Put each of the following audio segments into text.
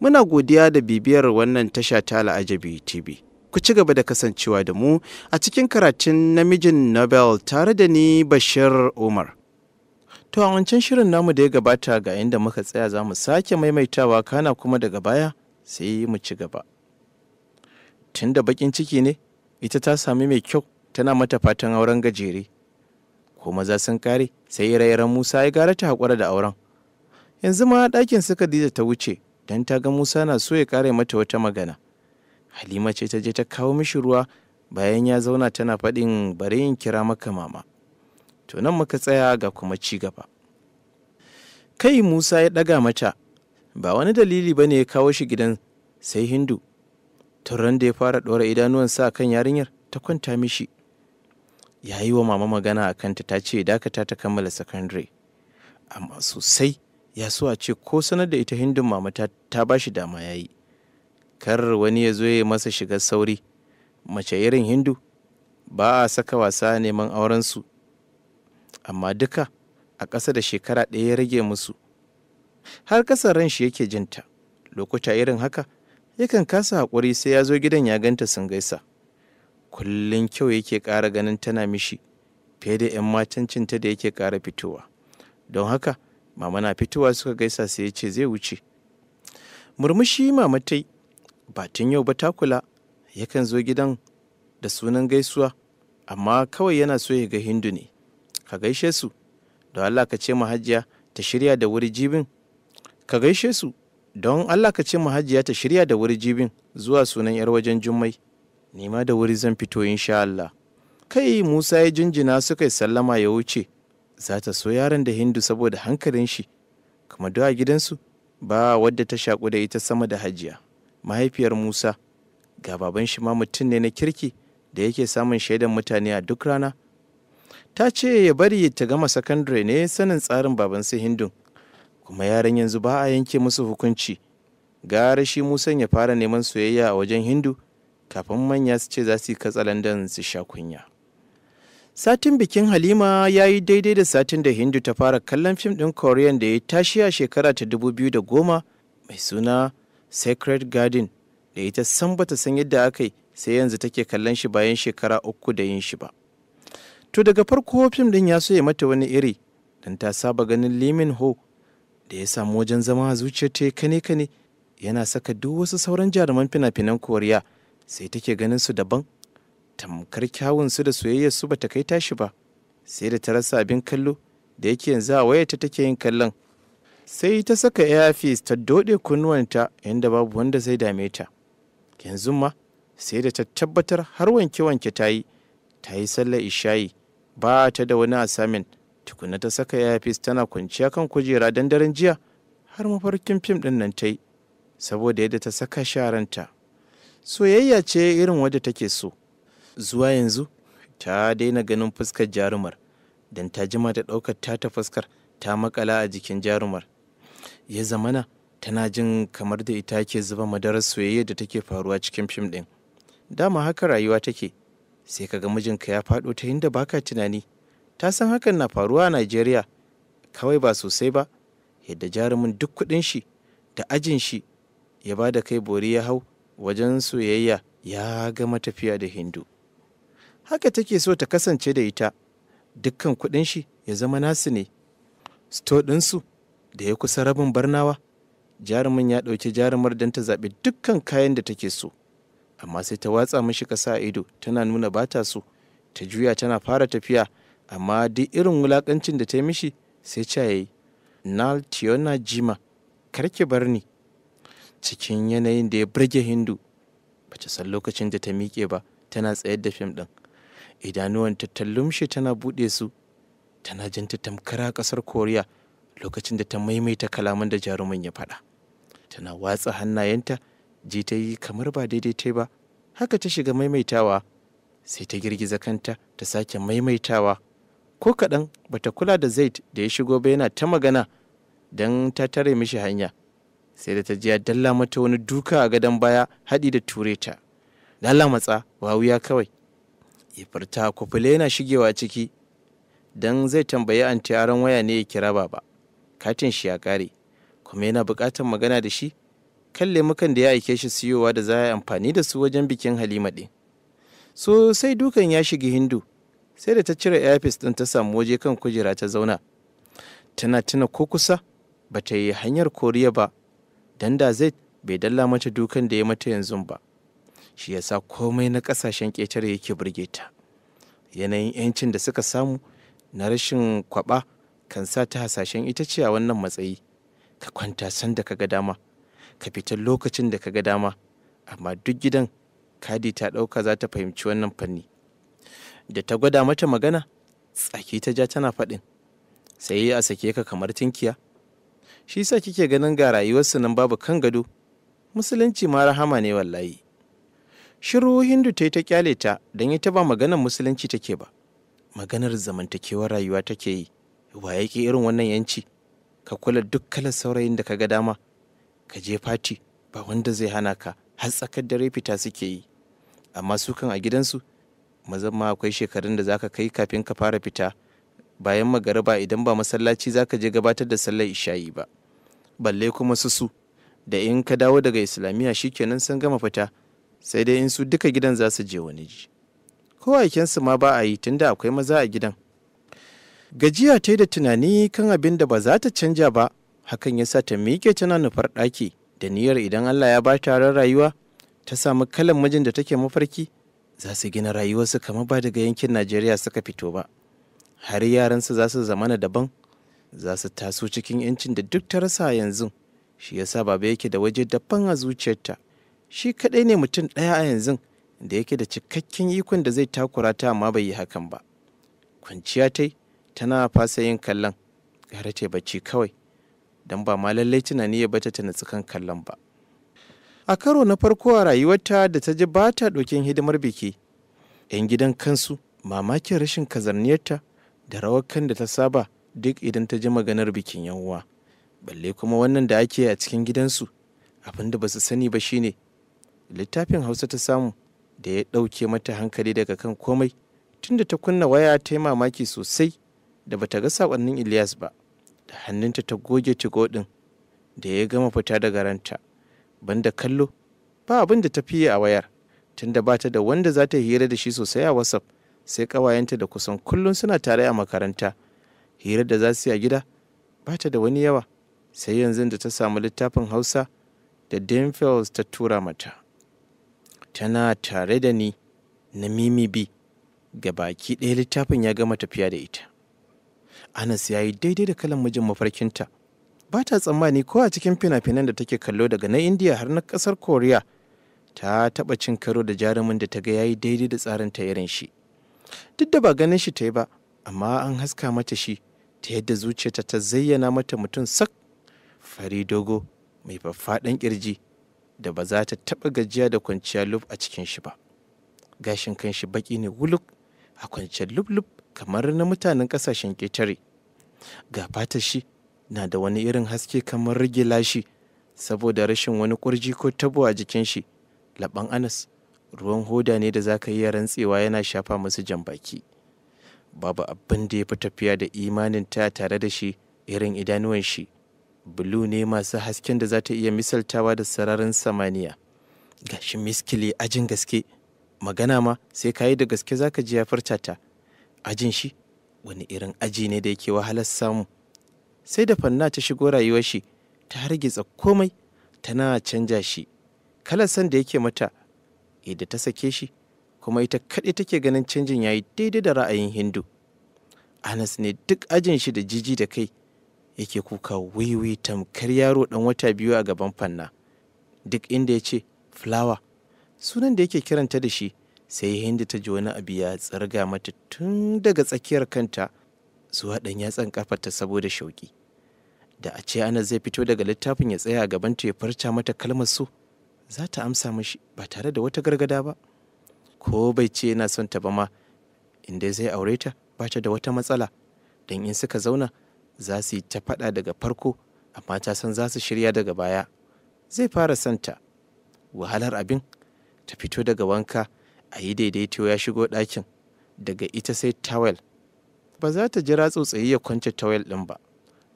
Muna godiya da bibiyar wannan tasha ta Al'ajabi TV. Ku ci gaba da kasancewa da mu a cikin karatun namijin Nobel tare da ni Bashir Umar. To a wancan shirin namu da ya gabata ga inda muka tsaya za mu sake maimaitawa kana kuma daga baya sai mu ci gaba. Tun da bakin ciki ne, ita ta sami mai kyau tana mata fatan auren gajere. Ko maza sun kare sai rayaran Musa ya gara ta haƙura da auren. Yanzu ma ɗakin suka Khadija ta wuce don ta ga Musa na so ya kare mata wata magana. Halima ce ta je ta kawo mishi ruwa bayan ya zauna tana faɗin bari in kira maka mama. To nan muka tsaya ga kuma ci gaba. Kai Musa ya ɗaga mata, ba wani dalili ba ne ya kawo shi gidan sai Hindu. Turan da ya fara ɗora idanuwan sa kan yarinyar ta kwanta mishi. Ya yi wa mama magana a kanta ta ce dakata ta kammala sakandare. Amma sosai yasuwa ce ko sanar da ita hindun mama ta ba shi dama ya yi kar wani ya zo ya masa shiga sauri mace irin hindu ba a saka wasa neman aurensu amma duka a ƙasa da shekara ɗaya ya rage musu har ƙasar ran shi yake jinta lokuta irin haka yakan kasa haƙuri sai ya zo gidan ya ganta sun gaisa kullum kyau yake ƙara ganin tana mishi fiye da 'yan matancinta da yake ƙara fitowa don haka mama na fitowa suka gaisa sai ya ce zai wuce murmushi mama tai ba tun yau ba ta kula yakan zo gidan da sunan gaisuwa amma kawai yana so ya ga hindu ne ka gaishe su don allah ka ce mahajiya ta shirya da wuri jibin ka gaishe su don allah ka ce mahajiya ta shirya da wuri jibin zuwa sunan yar wajen jummai nima da wuri zan fito insha allah kai musa ya jinjina suka yi sallama ya wuce za ta so yaran da hindu saboda hankalin shi kuma duk a gidansu ba wadda ta shaƙu da ita sama da hajiya mahaifiyar musa ga baban shi ma mutum ne na kirki da yake samun shaidan mutane a duk rana ta ce ya bari ta gama sakandare ne sanin tsarin baban su hindun kuma yaran yanzu ba a yanke musu hukunci gara shi musan ya fara neman soyayya a wajen hindu kafin manya su ce za su yi katsalandan su sha kunya Satin bikin Halima ya yi daidai da satin da Hindu ta fara kallon fim ɗin Korean da ya tashi a shekara ta dubu biyu da goma mai suna Sacred Garden da ita san bata san yadda aka yi sai yanzu take kallon shi bayan shekara uku da yin shi ba. To daga farko fim ɗin ya so ya mata wani iri don ta saba ganin Limin Ho da ya samu wajen zama a zuciyar ta kane kane yana saka duk wasu sauran jaruman fina-finan Koriya sai take ganin su daban tamkar kyawunsu da soyayyarsu ba ta kai tashi ba sai da ta rasa abin kallo da yake yanzu a wayarta take yin kallon sai ta saka earpiece ta dode kunnuwanta inda babu wanda zai dame ta yanzu ma sai da ta tabbatar har wanke-wanke ta yi ta yi sallar ishayi ba ta da wani asamin. tukuna ta saka earpiece tana kwanciya kan kujera don daren jiya har mafarkin fim din nan ta yi saboda yadda ta saka sharanta soyayya ce irin wadda take so zuwa yanzu ta daina ganin fuskar jarumar don ta jima da ɗaukar ta fuskar ta makala a jikin jarumar ya zamana tana jin kamar da ita ke zuba madarar soyayya da take faruwa cikin fim ɗin dama haka rayuwa take sai ka ga mijinka ya faɗo ta inda baka tunani ta san hakan na faruwa a najeriya kawai ba sosai ba yadda jarumin duk kuɗin shi da ajin shi ya ba da kai bori ya hau wajen soyayya ya ga matafiya da hindu haka take so ta kasance da ita dukkan kudin shi ya zama nasu ne sto ɗinsu da ya kusa rabin barnawa jarumin ya ɗauki jarumar don ta zaɓi dukkan kayan da take so amma sai ta watsa mishi ƙasa a ido tana nuna bata su ta juya tana fara tafiya amma duk irin wulaƙancin da ta yi mishi sai ca yayi nal tiona jima karki bar ni cikin yanayin da ya burge hindu ba san lokacin da ta miƙe ba tana tsayar da fim ɗin idanuwanta ta lumshe tana buɗe su tana jin ta tamkara ƙasar koriya lokacin da ta maimaita kalaman da jaruman ya faɗa tana watsa hannayenta ji ta yi kamar ba daidai ta ba haka ta shiga maimaitawa sai ta girgiza kanta ta sake maimaitawa ko kaɗan ba ta kula da zaid da ya shigo ba yana ta magana don ta tare mishi hanya sai da ta ji ya dalla mata wani duka a gadon baya haɗi da ture ta dalla matsa wawuya kawai ya furta kufule yana shigewa ciki don zai tambayi anti aron waya ne ya kira baba katin shi ya kare kuma yana buƙatar magana da shi kan lemukan da ya aike shi siyowa da za a amfani da su wajen bikin halima ɗin so sai dukan ya shiga hindu sai da ta cire airfis ɗin ta samu waje kan kujera ta zauna tana tuna ko kusa ba ta yi hanyar koriya ba don da zai bai dalla mata dukan da ya mata yanzu ba shi yasa komai na kasashen ƙetare yake burge ta yanayin 'yancin da suka samu na rashin kwaba kan sa ta hasashen ita ce a wannan matsayi ka kwanta san da ga dama ka fita lokacin da ka ga dama amma duk gidan kadi ta ɗauka za ta fahimci wannan fanni da ta gwada mata magana tsaki ta ja tana faɗin sai a sake ka kamar tinkiya shi sa kike ganin ga rayuwarsu nan babu kan gado musulunci ma rahama ne wallahi shiru hindu ta yi ta kyale ta don ita ba maganar musulunci take ba maganar zamantakewar rayuwa take yi wa yake irin wannan yanci ka kula duk kalar saurayin da ka ga dama ka je fati ba wanda zai hana ka har tsakar dare fita suke yi amma su kan a gidansu mazan ma akwai shekarun da zaka kai kafin ka fara fita bayan magariba idan ba masallaci zaka je gabatar da sallar isha'i ba balle kuma su su da in ka dawo daga islamiyya shikenan sun gama fita sai dai in su duka gidan za su je wani ji ko aikensu ma ba a yi tunda akwai maza a gidan gajiya ta yi da tunani kan abin da ba za ta canja ba hakan ya sa ta miƙe tana nufar ɗaki da niyyar idan allah ya ba ta ran rayuwa ta samu kalan mijin da take mafarki za su gina rayuwarsu kamar ba daga yankin najeriya suka fito ba har yaransu za su zamana daban za su taso cikin 'yancin da duk ta rasa yanzu shi yasa baba yake da waje daban a zuciyarta shi kaɗai ne mutum ɗaya a yanzu da yake da cikakken ikon da zai takura ta amma bai yi hakan ba kwanciya ta tana fasa yin kallon gara ta bacci kawai don ba ma lallai tunani ya bata ta natsu kan kallon ba a karo na farko a rayuwarta da ta ji ba ta ɗokin hidimar biki 'yan gidan kansu mamakin rashin kazarniyarta da rawar kan da ta saba duk idan ta ji maganar bikin yan uwa balle kuma wannan da ake a cikin gidansu abin da ba su sani ba shine littafin hausa ta samu da ya ɗauke mata hankali daga kan komai tunda ta kunna waya ta yi mamaki sosai da bata ga saƙonnin iliyas ba da hannunta ta goge tigo da ya gama fita daga ranta banda kallo ba abin da ta fiye a wayar tunda ba ta da wanda za ta hira da shi sosai a wasaf sai ƙawayenta da kusan kullum suna tare a makaranta hira da za su yi a gida ba ta da wani yawa sai yanzu da ta samu littafin hausa da Denfels ta tura mata. tana tare da ni na mimi bi ga baki ɗaya littafin ya gama tafiya da ita anas ya yi daidai da kalan mijin mafarkinta ba ta tsammani ko a cikin fina-finan da take kallo daga na indiya har na ƙasar koriya ta taɓa cin karo da jarumin da ta ga ya yi daidai da tsarin ta irin shi duk da ba ganin shi ta yi ba amma an haska mata shi ta yadda zuciyarta ta zayyana mata mutum sak fari dogo mai faffaɗan ƙirji da ba za ta taɓa gajiya da kwanciya lub a cikin shi ba gashin kan shi baki ne wuluk a kwanciyar lub-lub kamar na mutanen ƙasashen ƙetare ga fatar shi na da wani irin haske kamar rage lashi saboda rashin wani ƙurji ko tabo a jikin shi laban anas ruwan hoda ne da zaka iya rantsewa yana shafa musu jan baki babu abin da ya fi tafiya da imanin ta tare da shi irin idanuwan shi bulu ne masu hasken da za ta iya misaltawa da sararin samaniya gashi miskili ajin gaske magana ma sai kayi da gaske zaka ji ya furta ajin shi wani irin aji ne da yake wahalar samu sai da fanna ta shigo rayuwar shi ta hargitsa komai tana canja shi kalar san da yake mata yadda ta sake shi kuma ita kaɗai take ganin canjin yayi daidai da ra'ayin hindu anas ne duk ajin shi da jiji da kai yake kuka wiwi tamkar yaro dan wata biyu a gaban fanna duk inda ya ce fulawa sunan da yake kiranta da shi sai hindi ta ji wani abu ya tsarga mata tun daga tsakiyar kanta zuwa ɗan yatsan kafarta saboda shauki da a ce ana zai fito daga littafin ya tsaya a gabanta ya farca mata kalmar su za ta amsa mashi ba tare da wata gargada ba ko bai ce yana son ta ba ma inda zai aure ta ba ta da wata matsala dan in suka zauna za su yi ta faɗa daga farko amma ta san za su shirya daga baya zai fara santa wahalar abin ta fito daga wanka a yi daidaito ya shigo ɗakin daga ita sai tawel ba za ta jira tsotsayi ya kwance tawel ɗin ba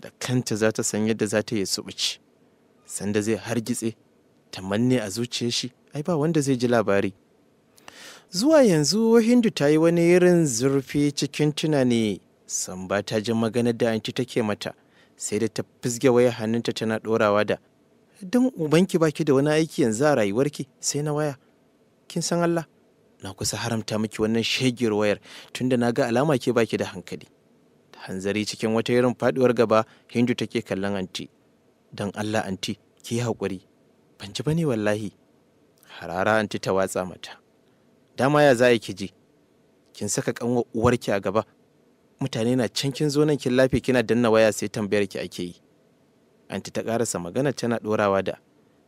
da kanta za ta san yadda za ta yi subuci sanda zai hargitse ta manne a zuciyar shi ai ba wanda zai ji labari zuwa yanzu hindu ta yi wani irin zurfi cikin tunani samba ta ji maganar da anti take mata sai da ta fizge waya hannunta tana ɗorawa da don ubanki baki da wani aiki yanzu a rayuwarki sai na waya kin san Allah na kusa haramta miki wannan shegiyar wayar tunda na ga alama ke baki da hankali hanzari cikin wata irin faduwar gaba hindu take kallon anti don Allah anti ki yi haƙuri ban ji bane wallahi harara anti ta watsa mata dama ya za ki ji kin saka kanwa uwarki a gaba mutane na can kin zo nan kin lafi kina danna waya sai tambayar ki ake yi anti ta karasa magana tana dorawa da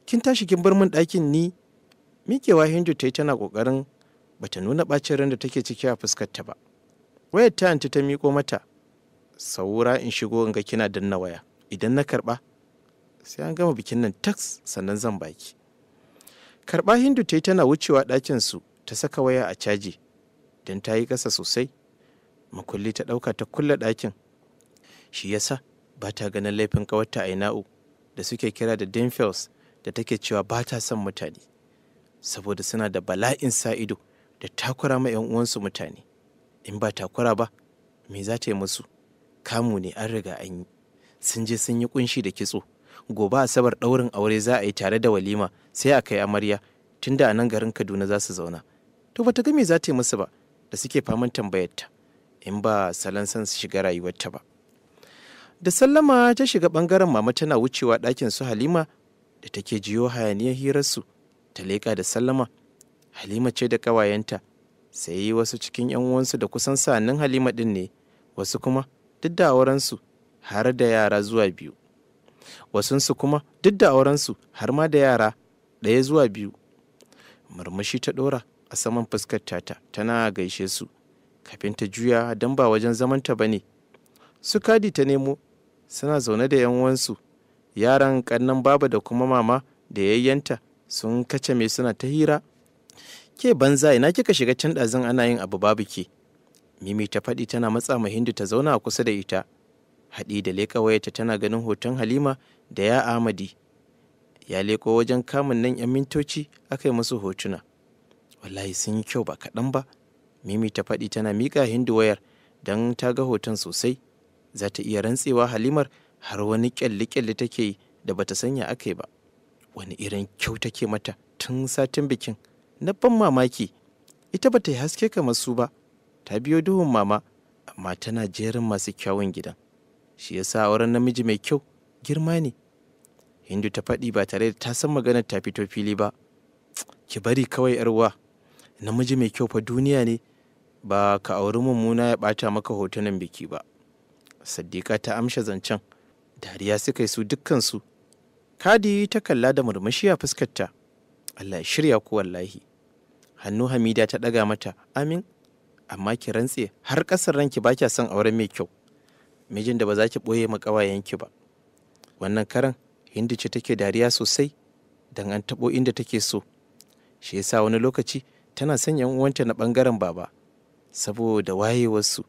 kin tashi kin bar min ɗakin ni mikewa hindu ta yi tana kokarin bata nuna bacin ran da take ciki a fuskar ta ba wayar ta anti ta miko mata saura in shigo in ga kina danna waya idan na karba sai an gama bikin nan tax sannan zan baki karba hindu ta tana wucewa ɗakin su ta saka waya a caji dan tayi yi ƙasa sosai makulli ta ɗauka ta kulle ɗakin shi yasa ba ta ganin laifin ƙawarta a ina'u da suke kira da Denfels da take cewa ba ta son mutane saboda suna da bala'in sa da takura ma 'yan uwansu mutane in ba takura ba me za ta yi musu kamu ne an riga an yi sun je sun yi kunshi da kitso gobe asabar ɗaurin aure za a yi tare da walima sai a kai amarya tunda a nan garin kaduna za su zauna to bata ga me za ta yi musu ba da suke faman tambayarta in ba salon san su shiga rayuwarta ba da sallama ta shiga bangaren mama tana wucewa ɗakin su halima da take jiyo hayaniyar hirarsu ta leƙa da sallama halima ce da ƙawayenta sai wasu cikin yan uwansu da kusan sanin halima ɗin ne wasu kuma duk da aurensu har da yara zuwa biyu wasunsu kuma duk da aurensu har ma da yara ɗaya zuwa biyu murmushi ta ɗora a saman fuskar tata tana gaishe su kafin ta juya don ba wajen zamanta ba ne su kadi ta nemo suna zaune da yan wansu yaran kannan baba da kuma mama da yayyanta sun kace mai suna ta hira ke banza ina kika shiga can ɗazin ana yin abu babu ke mimi ta faɗi tana matsa ma hindu ta zauna a kusa da ita haɗi da leƙa wayarta tana ganin hoton halima da ya amadi ya leƙo wajen kamun nan 'yan mintoci aka yi musu hotuna wallahi sun yi kyau ba kaɗan ba mimi ta faɗi tana miƙa hindu wayar don ta ga hoton sosai za ta iya rantsewa halimar har wani kyalle-kyalle take yi da bata sanya aka yi ba wani irin kyau take mata tun satin bikin na ban mamaki ita bata yi haske kamar su ba ta biyo duhun mama amma tana jerin masu kyawun gidan shi yasa auren namiji mai kyau girma ne hindu ta faɗi ba tare da ta san maganar ta fito fili ba ki bari kawai 'yarwa namiji mai kyau fa duniya ne ba ka auri mummuna ya ɓata maka hotunan biki ba saddiƙa ta amsha zancen dariya suka yi su dukkansu kadi ta kalla da murmushi a fuskarta allah shirya ku wallahi hannu hamida ta ɗaga mata amin amma ki rantse har ƙasar ranki ba kya son auren mai kyau mijin da ba za ki ɓoye ƙawayenki ba wannan karan hindu ce take dariya sosai don an taɓo inda take so shi yasa wani lokaci tana son yan uwanta na ɓangaren baba saboda wayewarsu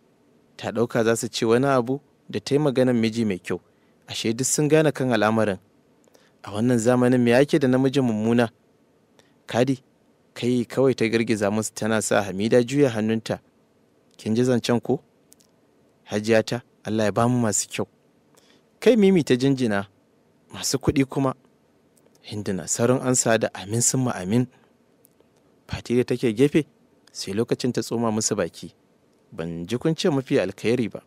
ta ɗauka za su ce wani abu da ta yi maganar miji mai kyau ashe duk sun gane kan al'amarin a wannan zamanin me yake da namijin mummuna kadi kai kawai ta girgiza musu tana sa hamida juya hannunta kin ji zancen ko hajiyata allah ya bamu masu kyau kai mimi ta jinjina masu kuɗi kuma hinduna sauran ansa da amin sun amin fati da take gefe sai lokacin ta tsoma musu baki ban ji kun ce mafi alkhairi ba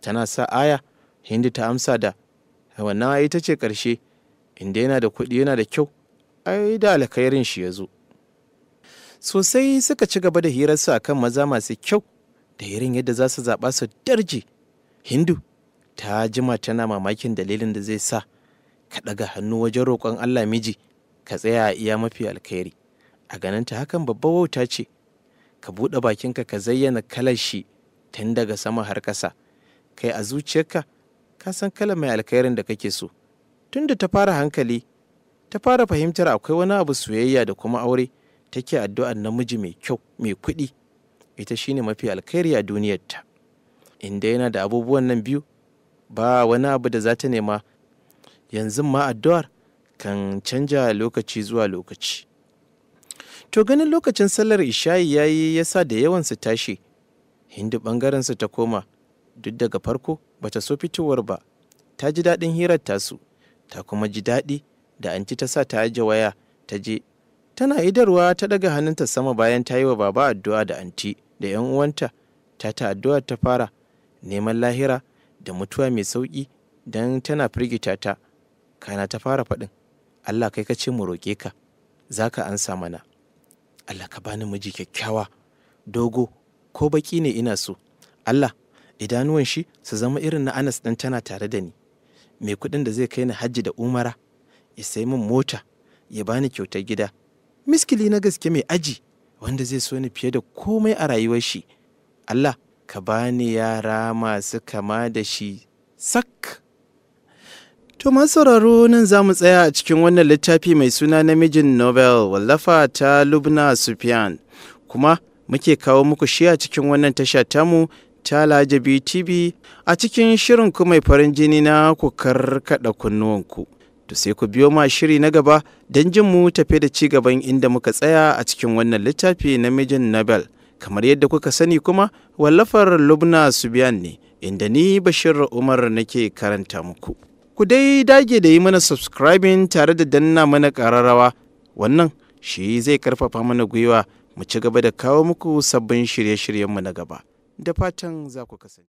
tana sa aya hindi ta amsa da wannan ta ce ƙarshe inda yana da kuɗi yana da kyau ai da alkhairin shi ya zo sosai suka ci gaba da hirar su akan maza masu kyau da irin yadda za su zaɓa su darje hindu ta jima tana mamakin dalilin da zai sa ka ɗaga hannu wajen roƙon allah miji ka tsaya a iya mafi alkhairi a ta hakan babba wauta ce ka buɗe bakinka ka zayyana kalar shi tun daga sama har ƙasa kai a zuciyarka ka san kalar mai alkhairin da kake so Tunda ta fara hankali ta fara fahimtar akwai wani abu soyayya da kuma aure take addu'ar namiji mai kyau mai kuɗi ita shine mafi alkhairi a duniyar duniyarta inda yana da abubuwan nan biyu ba wani abu da za ta nema yanzu ma addu'ar kan canja lokaci zuwa lokaci To ganin lokacin sallar ishayi ya yi ya sa da yawansu tashi, hindu ɓangarensu ta koma, duk daga farko bata so fitowar ba, ta ji daɗin hirar tasu, ta kuma ji daɗi da anti ta sa ta aje waya ta je. Tana idarwa ta ɗaga hannunta sama bayan ta yi wa baba addu'a da anti da 'yan uwanta, ta ta addu'a ta fara neman lahira da mutuwa mai sauƙi don tana firgita ta, kana ta fara faɗin, Allah kai ka ce mu roƙe ka, za ka ansa mana. Allah ka bani miji kyakkyawa dogo ko baki ne ina so Allah idanuwan shi su zama irin na Anas dan tana tare da ni mai kuɗin da zai kai ni hajji da umara ya sai min mota ya bani kyautar gida miskili na gaske mai aji wanda zai so ni fiye da komai a rayuwar shi Allah ka bani yara masu kama da shi sak To sauraro nan za mu tsaya a cikin wannan littafi mai suna namijin Nobel wallafa ta Lubna Sufyan. Kuma muke kawo muku shi a cikin wannan tasha tamu ta Lajabi TV a cikin shirin ku mai farin jini na ku karkada kunnuwanku. To sai ku biyo ma shiri na gaba don jin mu tafe da ci gaban inda muka tsaya a cikin wannan littafi namijin Nobel. Kamar yadda kuka sani kuma wallafar Lubna Sufyan ne inda ni Bashir Umar nake karanta muku. ku dai dage da yi mana subscribing tare da danna mana ƙararrawa wannan shi zai karfafa mana gwiwa mu ci gaba da kawo muku sabbin shirye-shiryenmu na gaba da fatan za ku kasance